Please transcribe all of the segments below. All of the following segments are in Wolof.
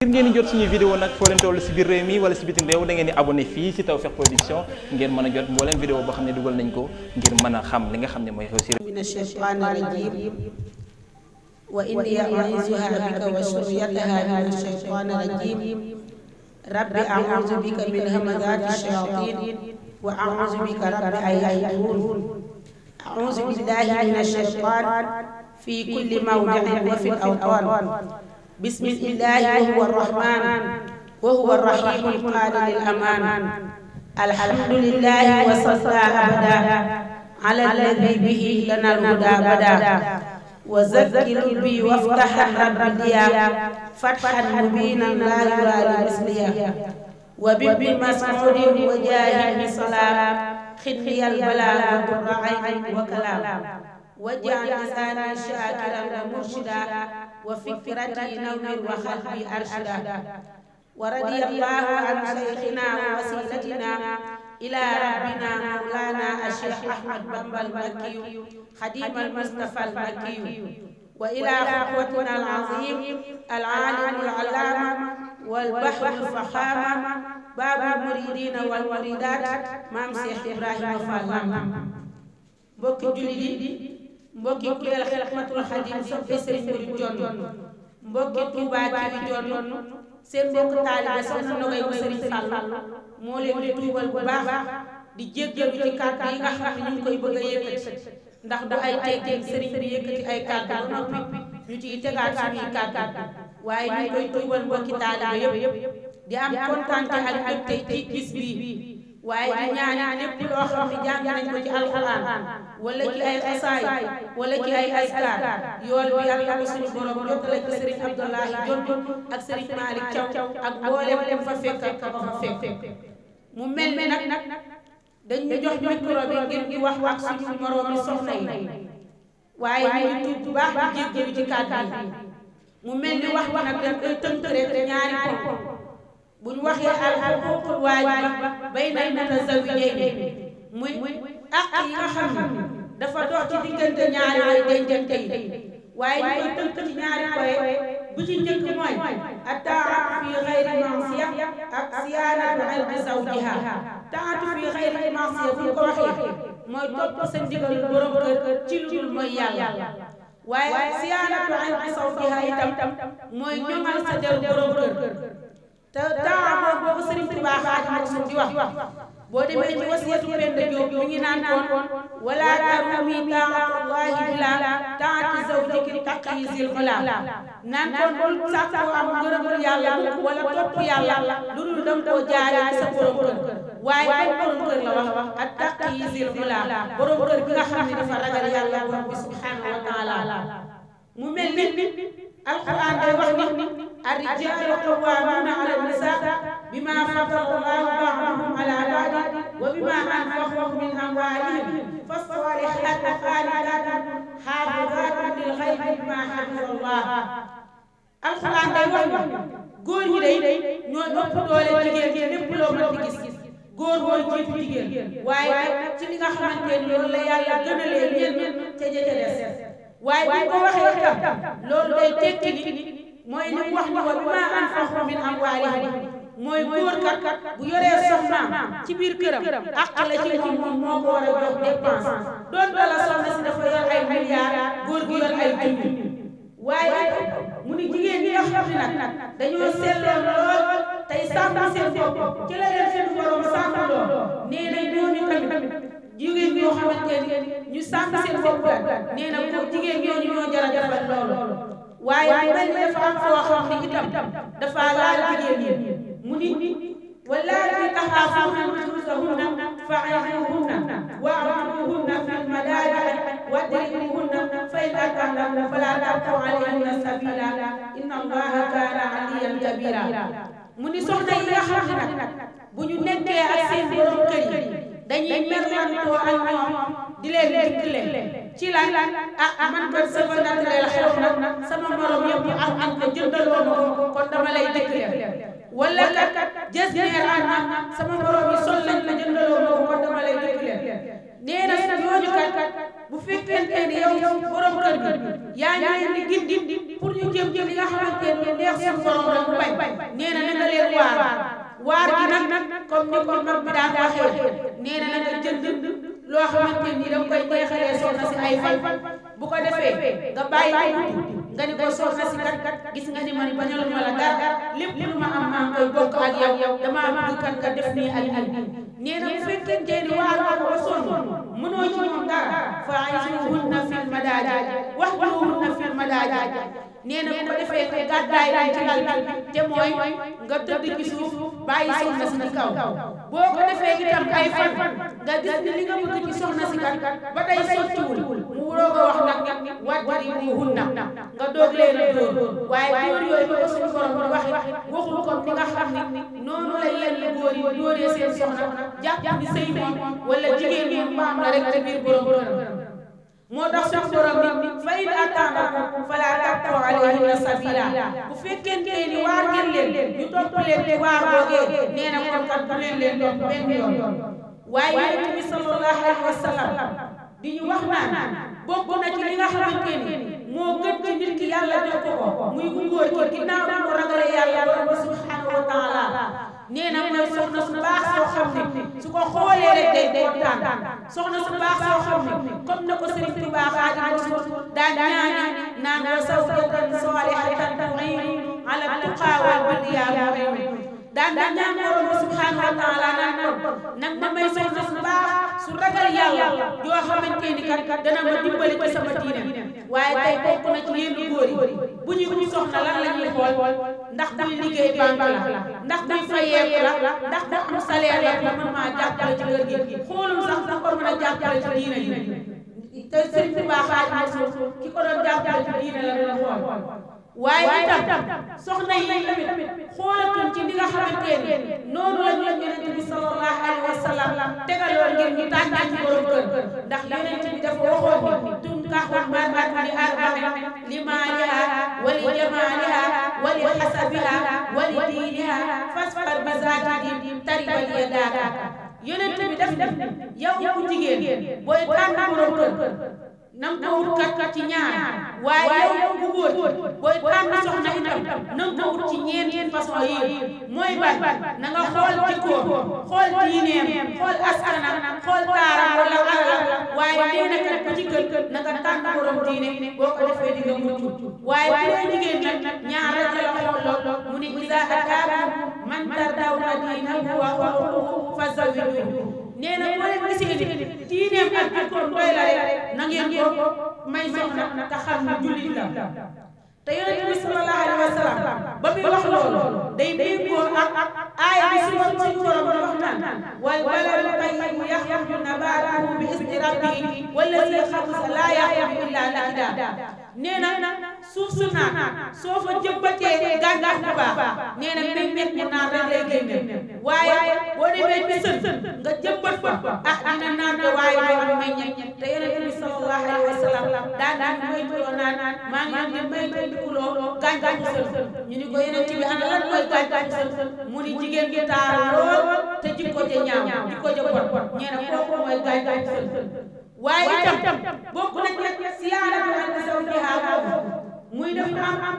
ngir ngeen di jot suñuy vidéo nag foo leen toll si biir réew mi wala si bitim réew da di abonné fii si Tawfekh Production a ngir mën a xam li nga xam ne mooy xew si réew mina shaytaani rajim rabbi a'uuzu bika bika rabbi an yahduruun fi kulli mawdi'in wa fil awtaan bismillaahi wa huwa rahmaan wa huwa rahiimul qaadidil amaan alhamdulillaahi wa sallaa abadaa alaa llazii bihi lanal hudaa badaa wa zakkir bi waftax rabbi diyaa fathan mubiinan laa yuraa mislihaa wa bibni mas'uudin wa jaahi salaa xidhiyal balaa wa qurra ayni wa kalaam واجعل لساني شاكرا ومرشدا وفكرتي نور وقلبي أرشدا ورضي الله عن شيخنا ووسيلتنا إلى ربنا مولانا الشيخ أحمد بامبا المكي خديم المصطفى المكي وإلى أخوتنا العظيم العالم العلامة والبحر الفخامة باب المريدين والمريدات مام شيخ إبراهيم فالله بوك جلدي mbokki kuréel Xidmatul Xadim soppe sëriñ Modu Jonn mbokki Tuubaa ji Jonn seen mbokk taalibe soxna Nogay bu sëriñ Fall moo leen di tuubal bu baax di jéggalu ci kàddu yi nga xam ne ñu koy bëgg a yëkkati ndax du ay teggin sëriñ bi yëkkati ay kàddu ba noppi ñu waaye ñu koy tuubal mbokki taalibe yépp di am kontaan ak mbégte ci bis bii waaye di ñaan lépp loo xam ne jàng nañ ko ci alxuraan wala ci ay xasaay wala ci ay askar yool bi yàlla ko suñu borom jottale ci sëriñ Abdoulahi Jonn ak sëriñ Malick Thiaw ak mboolem dem fa fekk ak ba fa fekk mu mel ni nag dañ ñu jox micro bi ngir di wax wax suñu moroomi soxna yi waaye ñu ngi tuub bu baax di jéggalu ci kàddu yi mu mel ni wax bi nag dañ koy tënk rek ñaari ko buñ waxee al al xuququl waajiba bayna mutazawijayni muy àq yi nga xam dafa dox ci diggante ñaari way dencante yi waaye ñu koy tënk ci ñaari koye bu ci njëkk mooy attaatu fi xayri mansiya ak siyaanatu ardi zawjiha taatu fi xayri mansiya bu ko waxee mooy topp sa ndigal borom kër ci lu dul mooy yàlla waaye siyaanatu ardi zawjiha itam mooy ñoŋal sa deru borom kër te temps boobu Sëriñ Tuubaa Xaadimu Rasuul di wax boo demee ci wasiyatu Penda Jóob mi ngi naan koon wala tarumi taatullahi bila taati zawjiki a xulam naan koon bul sàkkoo am ngërëmul yàlla wala topp yàlla lu dul danga koo jaaree ci sa borom kër waaye ban borom kër la wax ak taqyisil xulam borom kër bi nga xam ne dafa ragal yàlla borom bi subhanahu wa mu mel ni alquran day wax ni arrijaalu qawwaamuuna ala nisaa bimaa faddala llaahu ba'dahum alaa ba'din wa bimaa anfaquu min amwaalihim fassaalihaatu qaanitaatun haafizaatun lil ghaybi bimaa hafiza llaah alquran day wax ni góor ñi day ñoo ëpp doole jigéen ñi lépp loo mën di gis góor mooy jiitu jigéen waaye ci li nga xamante ni loolu la yàlla gën a leen ñeent ca waaye bu ko waxee itam loolu day tekki li mooy li mu wax ni wa bimaa anfaqtum min amwaalihim mooy góor kat bu yoree soxnaam ci biir këram àq la ci moom moom moo ko war a jox dépense doon dafa yor ay milliards góor gi yor ay junni waaye mu ni jigéen ñi wax ni nag dañoo seetloon lool tey sàmm seen bopp ci la leen seen borom sàmm doon nee na ñooñu tamit jigéen ñoo xamante ne ñu sàmm seen bopp la nee ko jigéen ñooñu ñoo jar a defal loolu waaye bu mel ni dafa am foo xam ne itam dafa laal jigéen ñi mu ni wallaahi taxaafuuna nushuzahunna fa'izuuhunna wa'muruuhunna fil madaaji'i wadribuuhunna fa in ata'nakm falaa ta'thaw 'alayhinna sabiilaa inna Allaaha kaana 'aliyyan kabiiraa mu ni soxna yi nga xam nag bu ñu nekkee ak seen borom kër yi dañuy merlantoo ak ñoom di leen digle ci lan ah, ah man ba sëfa naturel nee na na nga jënd loo xamante ni danga koy neexalee soxna si ay fan bu ko defee nga bàyyi guddi nga ni ko soxna si kat kat gis nga ni man bañaluma la dara lépp lu ma am maa ngi koy bokk ak yow damaa bëgg kat nga def nii ak ak nee na bu fekkente ni waa ko ba sonn mënoo ci moom dara fa ay suuhunna fil madaaji wax waxuhunna fil nee na bu ko defee te gàddaay lañ ci lal te mooy nga tëdd ci suuf bàyyi soxna si ci kaw boo ko defee itam ay fan nga gis li nga bëgg ci soxna si kat ba tey sottiwul mu waroo wax nag wàttari mu hunna nga doog leen a dóor waaye dóor yooyu ko suñu borom di wax waxul ko ni nga xam ni noonu la yenn góor yi seen soxna jàpp ni sëy bi wala jigéen ñi mbaam la te biir borom borom moo tax sax borom bi fa in ataakum falaa tattabi'u alayhinna sabiila bu fekkente ni waar ngeen leen ñu topp leen ci waar boogee nee na kon kat bu leen leen topp benn yoon waaye yonent bi sallallahu wa di ñu wax naan bokk na ci li nga xamante ni moo gën ci nit yàlla jox ko muy ku góor ki ginnaaw bi mu ragalee yàlla borom ba subhaanahu nee na mooy soxna su baax soo xam ne su ko xoolee rek day kontaan soxna su baax soo xam ne comme na ko sëriñ Tuubaa Xaadimu Rasuul daan ñaan naan wa zawjatan saalihatan tuiinu ala tuqaa wal barri daan daan ñaan borom ba subhanahu wa taala naan ko nag ma may soxna su baax su ragal yàlla yoo xamante ni kat dana ma dimbali ci sama diine waaye tey bokk na ci yenn góor yi bu ñuy ut soxna lan xool ndax buy liggéey banque la ndax buy fayeeku la ndax bu am salaire la pour mën maa ci kër gi xoolul sax sax ko mën a jàppale ci diine yi te sëriñ bi baax xaaj mosul ki ko doon jàppale ci diine la xool waaye itam soxna yi tamit xoolatoon ci li nga xamante ni noonu lañu la yonent bi sallallahu alayhi wa sallam tegaloon ngir ñu tànn ci borom ndax yonent bi dafa waxoon ni tunkahu l-mar'atu li arba'in li maaliha wa li jamaaliha wa li hasabiha wa li diiniha fasfar bi zaati din taribat yadaaka yonent bi def def yow yow jigéen booy tànn borom kër na nga ko kat ci ñaar waaye yow bu góor booy tànn itam na nga ci ñeenti façon yi mooy ban na nga xool jikkoom xool diineem xool askanam xool taaram wala alalam waaye nee na kat ku ci gën na nga tànn borom diine boo ko defee di nga mu ne wa xuluquhu fa zawwijuuhu nee na boo leen gisee nit ko may soxna te xam ne jullit la te yonent bi sallallahu alayhi wa sallam ba muy wax loolu day déggoo ak aaya bi si moom suñu borom wax naan wal baladu tayyibu yaxruju nabaatuhu bi izni rabbihi wallazi xabusa laa yaxruju illaa nakidaa nee na suuf su naan soo fa jëmbatee gàncax bu baax nee na mbéy mi mu naan rek lay génne waaye boo demee ci sën nga jëmbat ko ah dina naan ko waaye loolu may ñett te yonent bi sallallahu daan daan moytuloo naan maa ngi leen di moytuloo gàncax bu sën ñu ni ko yonent bi ana lan mooy gàncax bu sën mu ni jigéen gi taar lool te jikko ja ñaaw jikko ja bon nee na kooku mooy gàncax bu sën waaye itam bokk nañ ci siyaara doxal muy def am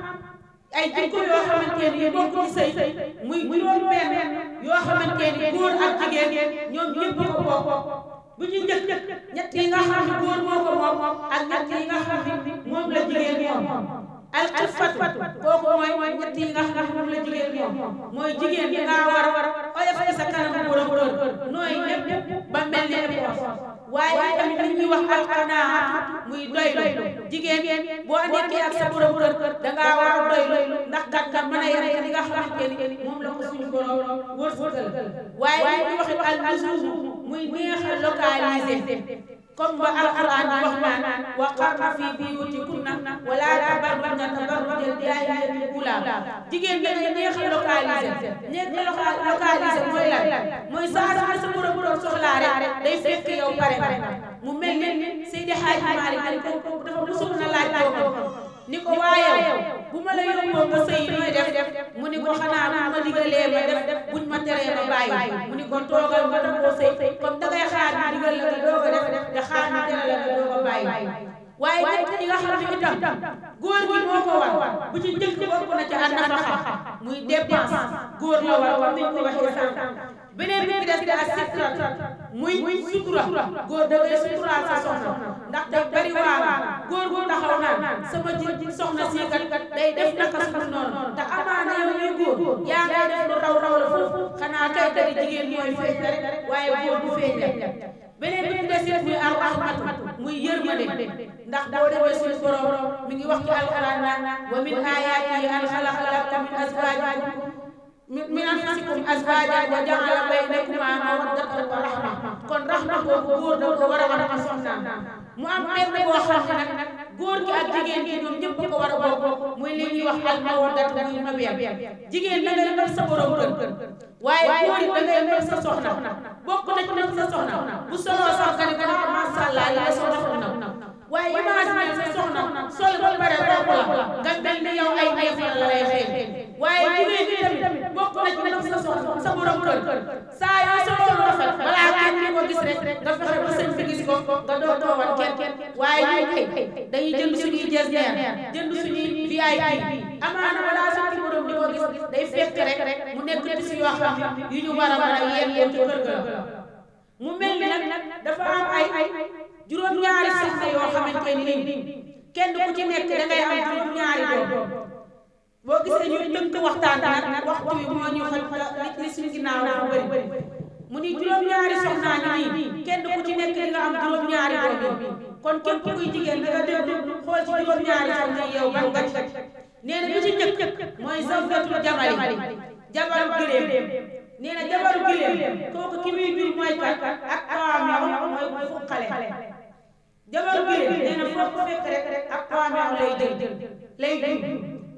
ay jikko yoo xamante ni bokk ci sëy muy juróom benn yoo xamante ni góor ak jigéen ñoom ñëpp ko bokk bu ci njëkk ñett yi nga xam ne góor moo ko moom ak ñett yi nga xam ne moom la jigéen moom al alfatu kooku mooy ñett yi nga xam moom la jigéen moom mooy jigéen bi nga war a war a oyof sa kanam borom borom nooy ñëpp ba mel ne époos waaye tamit li ñuy wax alqanaatu muy doylu jigéen boo nekkee ak sa borom kër da ngaa war a doylu ndax kat nga mën a yem li nga xamante moom la ko suñu borom wërsëgal waaye li ñuy wax muy neex a localiser comme ba alquran di wax naan wa qarna fi buyutikunna wala tabarrajna tabarruj al-jaahiliyyati al-uulaa jigéen da ngay neex localiser neex mooy lan mooy saa su ne sa borom borom soxlaa rek day fekk yow pare mu mel ne Seydi Hadji Malick dafa dafa mosoon na laaj doomam ni ko waayow bu ma la yóbboo ba sëy nooy def mu ni ko xanaa bu ma digalee ma def buñ ma teree ma bàyyi mu ni ko toogal ba dangoo sëy comme dangay xaar ñu digal la nga doog a def te xaar ñu tere la nga doog a bàyyi waaye nit ñi nga xam ne itam góor gi moo ko war bu ci njëkk bokk na ci ànd ak xam muy góor la war war nañ ko waxee sànq beneen bi des di ak sitra muy sutura góor da ngay suturaal sa soxna ndax daf bari naan sama ji soxna si kat day def naka su dul noonu te amaana yow ñuy góor yaa ngay def lu raw raw la foofu xanaa kay tari jigéen mooy feeñ rek waaye góor bu feeñ rek beneen bi mu des muy al rahmatu muy yërmande ndax boo demee suñu borom mi ngi wax ci alxuraan naan wa min ayaatihi an xalaqa lakum min azwaajikum min anfusikum azwaajan wa ja'ala baynakum mawaddatan wa rahma kon rahma boobu góor da ko war a war a soxnaam mu am benn boo xam ne nag góor gi ak jigéen gi ñoom ñëpp ko war a bokk muy li ñuy wax al mawaddatu muy sa borom kër waaye góor it da ngay sa sa soxna bu soloo sax nga ne ko dafa ah waaye sa soxna sol ba pare bokk la nga mel ni yow ay ay fan la lay xëy waaye jigéen bi tamit bokk sa soxna sa borom kër rek nga fexe ba sëñ bi gis ko nga doo doowan kenn waaye ñun kay dañuy jënd suñuy jësneer jënd suñuy VIP amaana balaa suñu borom di ko gis day fekk rek mu nekk di si yoo xam yu ñu war a mën a yéen yéen ci mu mel ni nag dafa am ay ay juróom-ñaari sëñ na yoo xamante ni kenn ku ci nekk da am juróom-ñaari doom boo gisee ñu tënk waxtaan nag waxtu wi moo ñu xaj li suñu ginnaaw dafa bëri mu ni juróom-ñaari soxnaa ngi nii kenn ku ci nekk di nga am juróom-ñaari boobu kon képp kuy jigéen da nga déglu xool ci juróom-ñaari soxna yow ban nga ci nee na bi ci njëkk mooy zawjatul jamali jabaru giléem nee na jabaru giléem kooku ki muy jur mooy kat ak kawaam mooy ku xale jabaru giléem nee na foofu fekk rek ak kawaam lay jël lay jur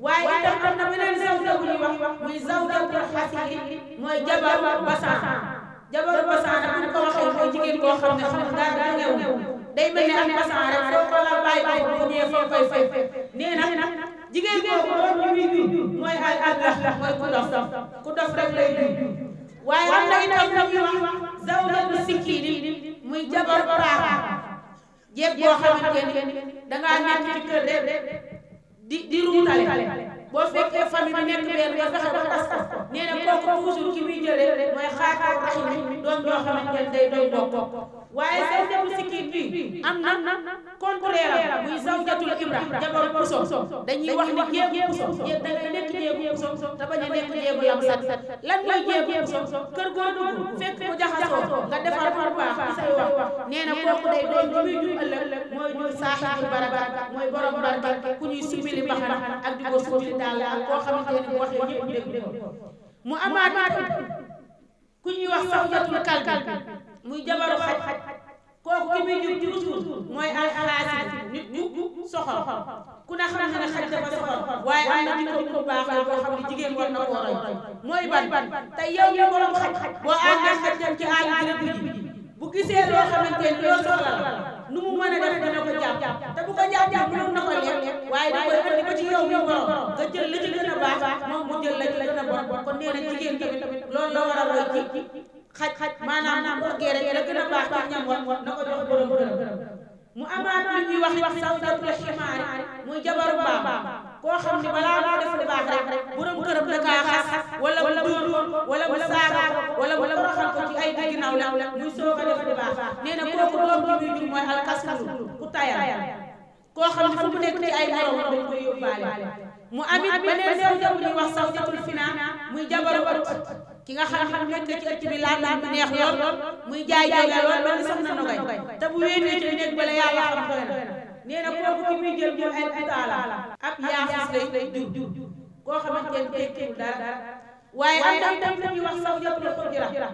waaye itam am na beneen zawja bu ñuy wax muy zawjatul xasiri mooy jabaru basan jabaru basaan bu ko waxee mooy jigéen boo xam ne xamul daal da ngeew day mel ni am basaan rek foo ko la bàyyi ko bu ay allah mooy ku dof ku dof rek lay jur waaye am na itam lu ñuy wax zawjatu sikkiini muy jabar paax jéeg boo xamante ni dangaa nekk ci kër de di di ruutale boo fekkee famille nekk benn nga fexe ba moom toujours ki muy jëlee mooy xaar rahim yi doon joo xamante ne day doy doog doog waaye seen dem sikkiit bi am na contraire am muy zawjatul imra jabaru puso dañuy wax ni jéegu puso da ngay nekk jéegu puso te a nekk jéegu yam sat lan mooy jéegu kër goo dugg fekk mu jaxasoo nga defar par baax say wax nee na kooku day doon lu muy jur ëllëg mooy jur saaxibu baraka mooy borom barke ku ñuy simili baxana ak di ko suufli daal ak koo xamante ne wax yëpp dégg mu amaat ku ñuy wax sawjatul kalbi muy jabaru xaj xaj kooku ki muy jub toujours mooy alxalaasi nit ñu soxor ku ne xam na ne xaj dafa soxor waaye am na jikko bu baax la boo xam ne jigéen war na ko roy mooy ban ban te yow mi borom xaj boo àndee xaj dem ci àll bi bu gisee loo xamante ni loo soxla la nu mu mën a def dina ko jàpp te bu ko jàpp jàpp noonu na ko lekk waaye da koy andi ko ci yow mi borom nga jël la ci gën a baax moom mu jël la ci gën a bon kon nee na jigéen tamit loolu a a baax ci ñam woon na ko jox borom borom mu amaat lu ñuy wax saw daf la ximaar muy jabaru baax koo xam ni balaa moo def lu baax rek borom këram da kaa xas wala mu dóor wala mu saaga wala mu toroxal ko ci ay ginnaaw la muy soog a def lu baax nee na kooku doom bi muy jur mooy alkaskulu ku tayal koo xam ne fu mu nekk ci ay borom dañ koy yóbbaale mu amit beneen sew jaww ñuy wax sawjatul finaa muy jabaru ki nga xam nekk ci ëtt bi laal laal bi neex lool muy jaay jaay lool mel ni soxna nogay te bu wéetee ci néeg bala yàlla xam doy na nee na kooku ki muy jël mooy ay taala ak yaasus lay jur koo xamante ne tekkiwul dara waaye am tam tam li ñuy wax saw yëpp la ko jira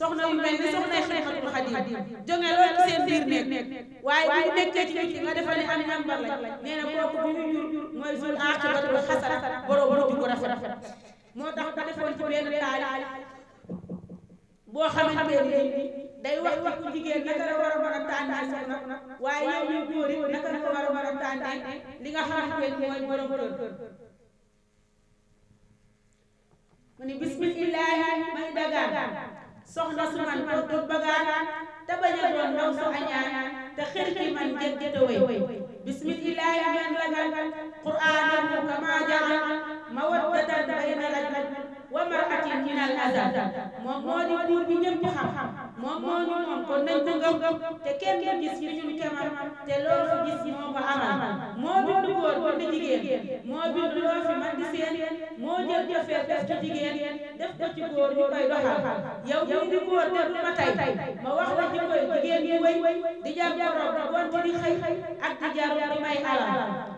soxna yu mel ni soxna Xadiimatul Xadiim jóge seen biir nekk waaye bu nekkee ci nit nga defal ne am ñambar lañ nee na bu ñu jur mooy suul aaxibatul xasana borom mujj bu rafet moo tax da defoon ci benn taal boo xamante ni day wax wax ku jigéen naka war a mën a waaye yow ñu góor it war a mën li nga xamante ni mooy borom kër mu ni bismillaahi may dagaan soxna su man ko du bagaan te man jëg way bismillaahi man dagaan qur'aanan mu kamaa jagaan ma waddatan bayna rajul wa mar'atin min al azal moom moo di buur bi ñëpp xam moom moo ñu moom kon nañ ko gëm te kenn du gis fi ñun kemam te loo fi gis moo ko amal moo bindu góor bindu jigéen moo bindu loo fi man di seen moo jël jëfee def ci jigéen def ko ci ma wax la ci koy jigéen ñi wëy di jar borom ba gonti di xëy ak di jar di may alal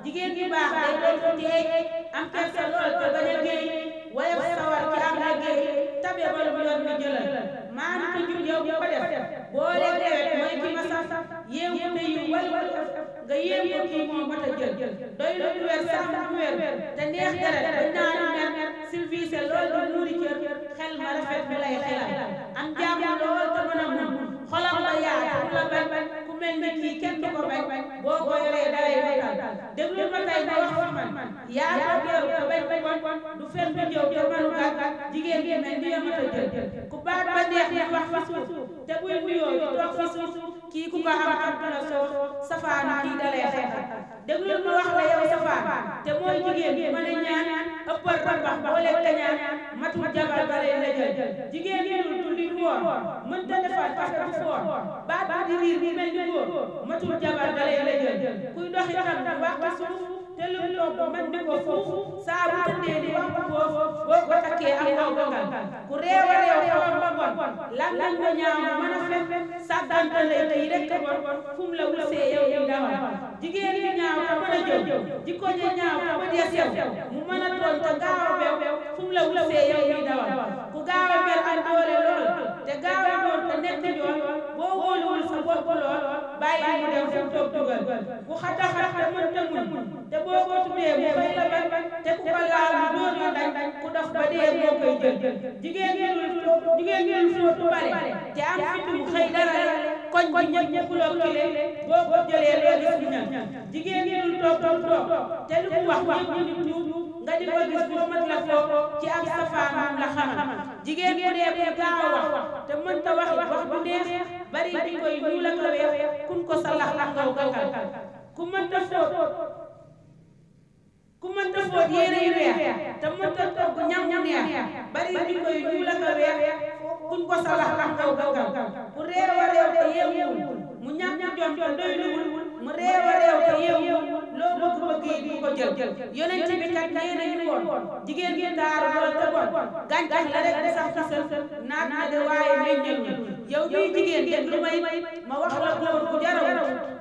jigéen ñi baax day doon teey am kersa lool te bañ a géey wala sawar ci am liggéey tabe ba lu yoon bi jëlal maa ngi ko jub yow bu ko def boo leen dewet mooy ki ma sax yéemu te yu wal wal nga yéem ko kii moo mat a jël doy lu mu weer sax mu weer te neex deret ba ñaari mer silviise lool di muuri cër xel ma rafet mu lay xelal am jàmm lool te mën a mun xolam la yaatu la bañ mel ne kii kenn du ko bañ boo ko yoree da lay bañal déglu ma tey ma wax fa man yaa ko teeru ko bañ bañ du fen du jëw te manu gàggal jigéen gi nañ di yamata jël ku baat ba neex wax fa suuf te buy wuyoo di toog fa suuf kii ku ko am am la soo safaan kii dalee xeexal déglul ma wax la yow safaan te mooy jigéen ma ne ñaan ëppal rambax boole kañaan matul jabar ba lay la jël jigéen ñi du li woor mën ta defar parce que du foor baat bi di riir mel ni góor matul jabar ba lay la jël kuy dox itam waxtu suuf te lu mu togg man di ko foofu saa bu tëddee di wax foofu boo ko takkee ak kaw bakkan ku réew a réew xaw ma bon làmmiñ ñaaw bu mën a fen sàggante lay kii rek ka la wusee yow di ndawal jigéen ñaaw ka mën a jëw jikko ja ñaaw ka mën a sew mu mën a tooñ te gaaw a bew fu la wusee yow di ndawal ku gaaw a mel am doole te gaaw a doon nekk njool boo wóoluwul sa bopp bàyyi dem fu mu toog dugal ku xata xata mën te boo ko tuddee mu fay la bañ te ku ko laal mu dóor la dañ ku dox ba dee moo koy jël jigéen ñi jigéen ñi fóotu te am fitu xëy dara koñ jigéen ñi toog toog toog te lu mu wax wax ñu ni nga di ko gis boo mat ci am safaanam la xamal jigéen bu dee bu gaaw a wax te mënta wax wax bu neex bari di koy ñuul ak la weex kun ko sa lax lax mënta fóot ku mënta fóot yére yu weex te mënta togg ñam mu neex bari jikko yu ñuul ak weex kuñ ko salax lam kaw bakkan ku réew a réew te yéewul mu ñàkk jom jom doy luwul mu réew a réew te yow loo bëgg bëgg yi du ko jël yonent bi kat nee nañu woon jigéen bi taaru lool te bon gàncax la rek di sax ci naat na de waaye meññal yow bii jigéen kenn lu may ma wax la góor bu jaraw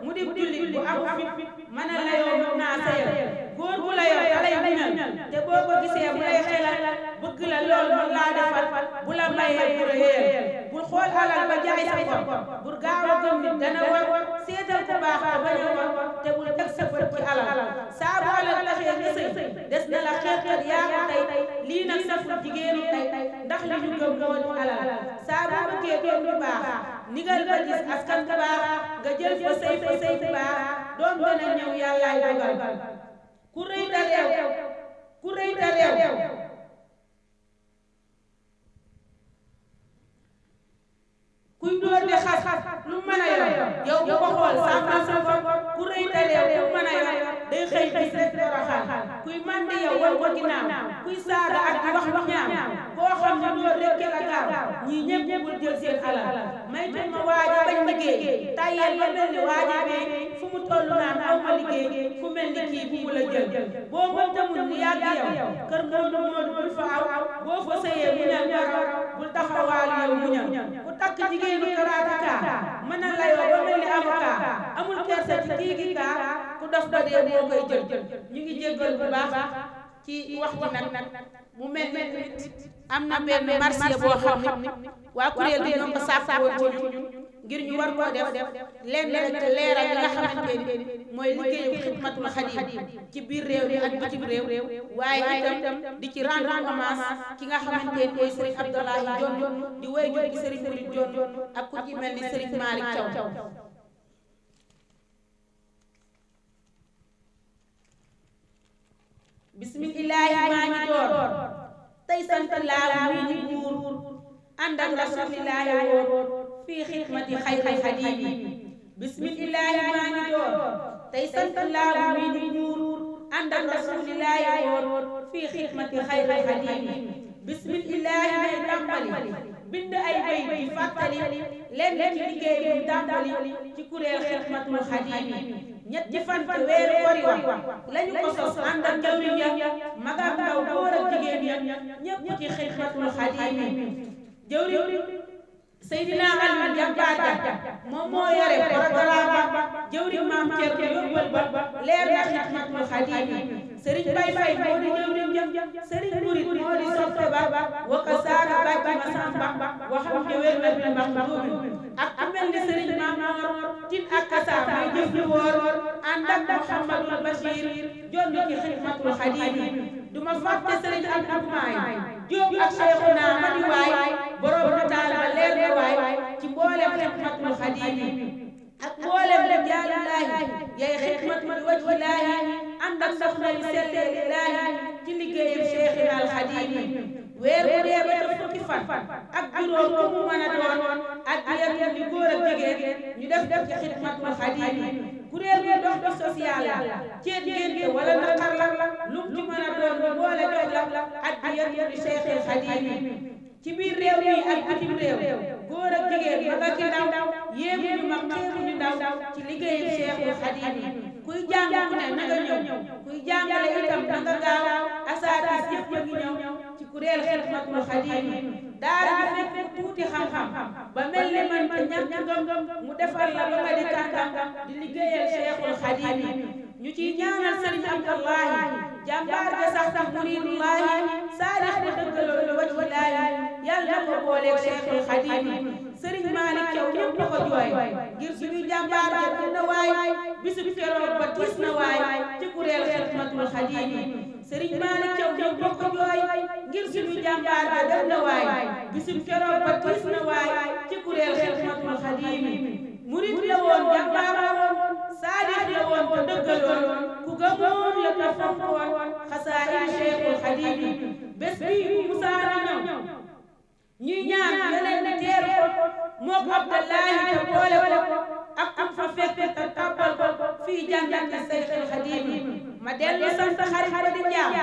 mu di julli bu am fit mën a la yow naa sa yow góor bu la yow dalay muñal te boo ko gisee mu lay bëgg la lool mën laa defal bu la mayee bu réyal bul xool alal ba jaay sa xol bul gaaw a gëm nit dana war seetal ku baax te bañ a war te bul teg sa bët ci alal saa alal taxee nga sëy des na la xeexal yaa tey lii nag saful jigéenu tey ndax li ñu gëm moo alal saa bu bëggee bu baax nigal gis askan baax nga jël fa sëy fa sëy bu baax doom dana ñëw yàllaay dogal ku rëy ta réew ku rëy ta réew kuy door di xas lu mën a yor yow bu ko xool sa bopp ku rëy dalee ku mën a yor day xëy bis rek dara xaal kuy màndi yow war ko ginnaaw kuy saaga ak wax lu ñaaw ñii ñëpp bul jël seen alal may te ma waaja bañ liggéey tàyyeel ba mel ni waaja bee fu mu toll naan aw ma liggéey fu mel ni kii bu la jël boo mënta mun ni yàgg yow kër moodu moodu bul mu ñal mu takk jigéenu karaata kaa mën a layoo ba mel ni avocat amul kersa ci kii gi ku dof ba dee moo koy jël ñu ngi jéggal bu baax ci wax ji nag mu mel nit am na benn marché boo xam waa kuréel bi ñoom ko sàppoo ci ñun ngir ñu war koo def lenn la te leeral li nga xamante mooy liggéeyu xidmatul xadim ci biir réew mi ak bitim réew waaye itam di ci rendre hommage ki nga xamante ni mooy Serigne Abdoulaye Dione di wéy jur gi ak ku mel ni Serigne Malick Thiaw bismillaahi maa ngi door tey santa laa muy di buur ànd ak rasulillahi woon fii xidmati xayri xadiimi bismillahi maa ngi ànd ak rasulillahi woon fii xidmati xayri xadiimi may tàmbali bind ay bay di fàttali lenn ci liggéey bu tàmbali ci kuréel xidmatul xadiimi ñetti fan fan weeru kori wa lañu ko sos ànd ak jawriñ ya mag ak ndaw a ak jigéen ya ñépp ci xidmatul xadimi jawriñ Seydina Aliou jàmbaar ja moom moo yore programme ba jëwriñ maam Thierno yóbbal ba leer na xidmatul xadimi Serigne Baye Faye moo di jëwriñ ja Serigne Murit moo di soppe ba waka saara bàcc ma a waxam jëwér wér bi mbax ak ku mel ni Serigne Mamour Tine ak Kassa may jëf lu wóor ànd ak Mouhamadul Bachir jonni ci xidmatul xadim du ma fàtte Serigne Abdou Maay Jóob ak Cheikhuna Madi waay borom na taal ba leer na waay ci mboolem xidmatul xadim ak mboolem dem jaalilaahi yay xidmatul wajhilaahi ànd ak soxna yu selleelilaahi ci liggéeyam Cheikhina al Xadim weer bu dee ba def fukki fan ak juróom ku mu mën a doon ak yéen li góor ak jigéen ñu def def ci xidmatul xadim kuréel bu dox dox social la ceet ngénte wala naqar la lu ci mën a doon ñu boole jox la ak yéen li Cheikhul Xadim ci biir réew yi ak bitim réew góor ak jigéen ba ci ndaw yéemu ñu mag xeebu ñu ndaw ci liggéeyam Cheikhul Xadim kuy jàng ku ne na ñëw kuy jàngale itam na nga gaaw asaati yëpp ñu ngi ñëw kuréel xidmatul xadim daara ji nekk tuuti xam-xam ba mel ni man te ñàkk ngëm mu defar la ba nga di kànkam di liggéeyal cheikhul xadim ñu ci ñaanal sëriñ Abdullahi jàmbaar ga sax tax muridullahi saarix ba dëggaloolu wacci laayi yàlla ko booleeg cheikhul xadim sëriñ Malick Thiaw ñëpp ko jooy ngir suñu jàmbaar ga dina waay bisu keroog ba tiis na waay ci kuréel xidmatul xadim Serigne Malick Thiaw ñu bokk jooy ngir suñu jàmbaar ba dem na waay bisum keroog ba tiis na waay ci kuréel Xidmatul Xadiim murit la woon jàmbaaroon saadix la woon te dëggaloon ku gëmoon la te fonkoon xasaayid Cheikhul Xadiim bés bii bu musaara ñëw ñuy ñaan yeneen di teer ko moo ko Abdallaahi te boole ko ak am fa fekk te tàbbal ko fii jànjante Seyxul Xadiim ma dellu sant xarit xarit Njaam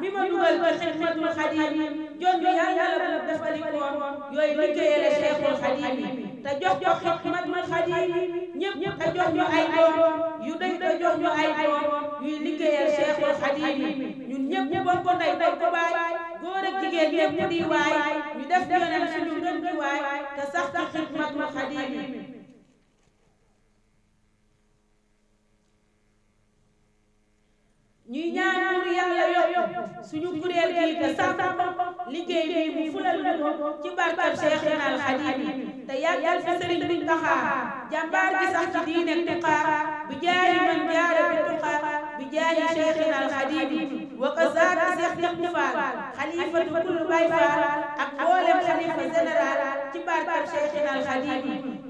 mi ma dugal ko Xidmatul Xadim jonn yàlla la bu defali koon yooyu liggéeyale Seexul Xadim te jox jox Xidmatul Xadim ñëpp te jox ñu ay doom yu dañ te jox ñu ay doom yuy liggéeyal Seexul Xadim ñun ñëpp ñu bokk ndey bokk baay góor ak jigéen ñëpp di waay ñu def yoneen suñu ngëm di waay te sax ci Xidmatul Xadim ñuy ñaan pour yàlla yokk suñu kuréel gii te sàmm liggéey bi mu fulal ñu ko ci barkab Cheikhina al Xadim te yàggal fi sëriñ bi taxa jàmbaar gi sax ci diine tuqa bi jaayi man jaara bi tuqa bi jaayi Cheikhina al Xadim wa kazaaka Cheikh Ndefou Fall xalifatu kul Baay Faal ak mboolem xalifa général ci barkab Cheikhina al Xadim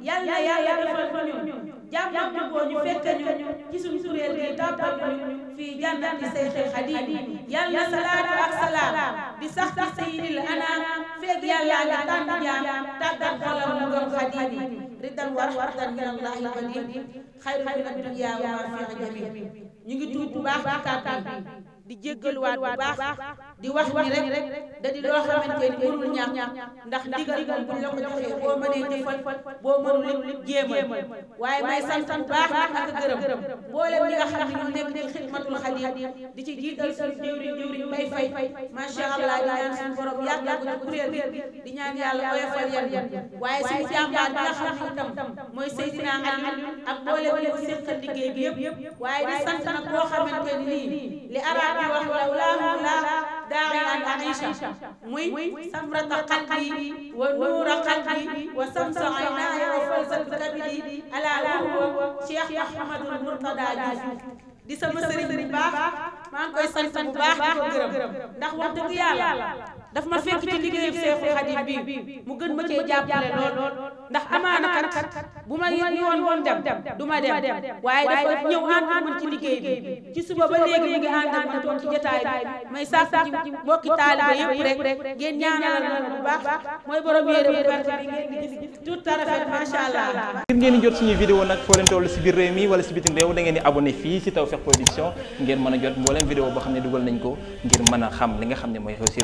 yàlla yàlla defal ko jàmm juboo ñu fekk ñu ci suñu kuréel gi tàbbal ñu fii jannati Seyxul Xadiim yàlla na salaatu ak salaam di sax ci sayyidil anaam fekk yàlla nga tànn jaam tàggat xolam mu gëm Xadiim ridan war wardan min Allahi Xadiim xayru min ad-dunya wa ma fiiha jamiin ñu ngi tuub bu baax kàttan di jéggaluwaat bu baax di wax ni rek da di loo xamante ni mënul ñàkk ndax ndigal moom bu la ko joxee boo mënee jëfal boo mënul jéemal waaye may sant bu baax ak gërëm mboolem ñi nga xam ne ñoo nekk xidmatul xadim di ci jiital suñu jëwriñ jëwriñ bay fay macha allah di suñu borom yàggal ko ci bi di ñaan yàlla oyofal yan waaye suñu jàmbaar bi nga xam itam mooy Seydina ak mboolem ñi ko séqal liggéey bi yëpp waaye di sant di wax lawlaa mawlaa daa'ilan a'iisha muy safrata qalbi wa nuura qalbi wa samsa aynaaya wa fawzatu kabidi alaa wa huwa Cheikh Mouhamadul Mourtada Diouf di sama sëriñ bu baax maa ngi koy sant bu baax di ko gërëm ndax wax dëgg yàlla daf ma fekk ci liggéeyam Seexul Xadiim bi mu gën ma cee jàppale lool ndax amaana kat bu ma yoon woon dem du ma dem waaye dafa ñëw ànd ak man ci liggéey bi ci suba ba léegi mu ngi ànd ak man ci jotaay bi may sàkk ci mbokki taaliba yëpp rek ngeen ñaanal na bu baax mooy borom yére bu verte bi ngeen gis tout à rafet macha allah. ngir ngeen di jot suñu vidéo nag foo leen toll si biir réew mi wala si bitim réew da ngeen di abonné fii si taw Tawfekh Production ngeen mën a jot mbooleem vidéo boo xam ne dugal nañ ko ngir mën a xam li nga xam ne mooy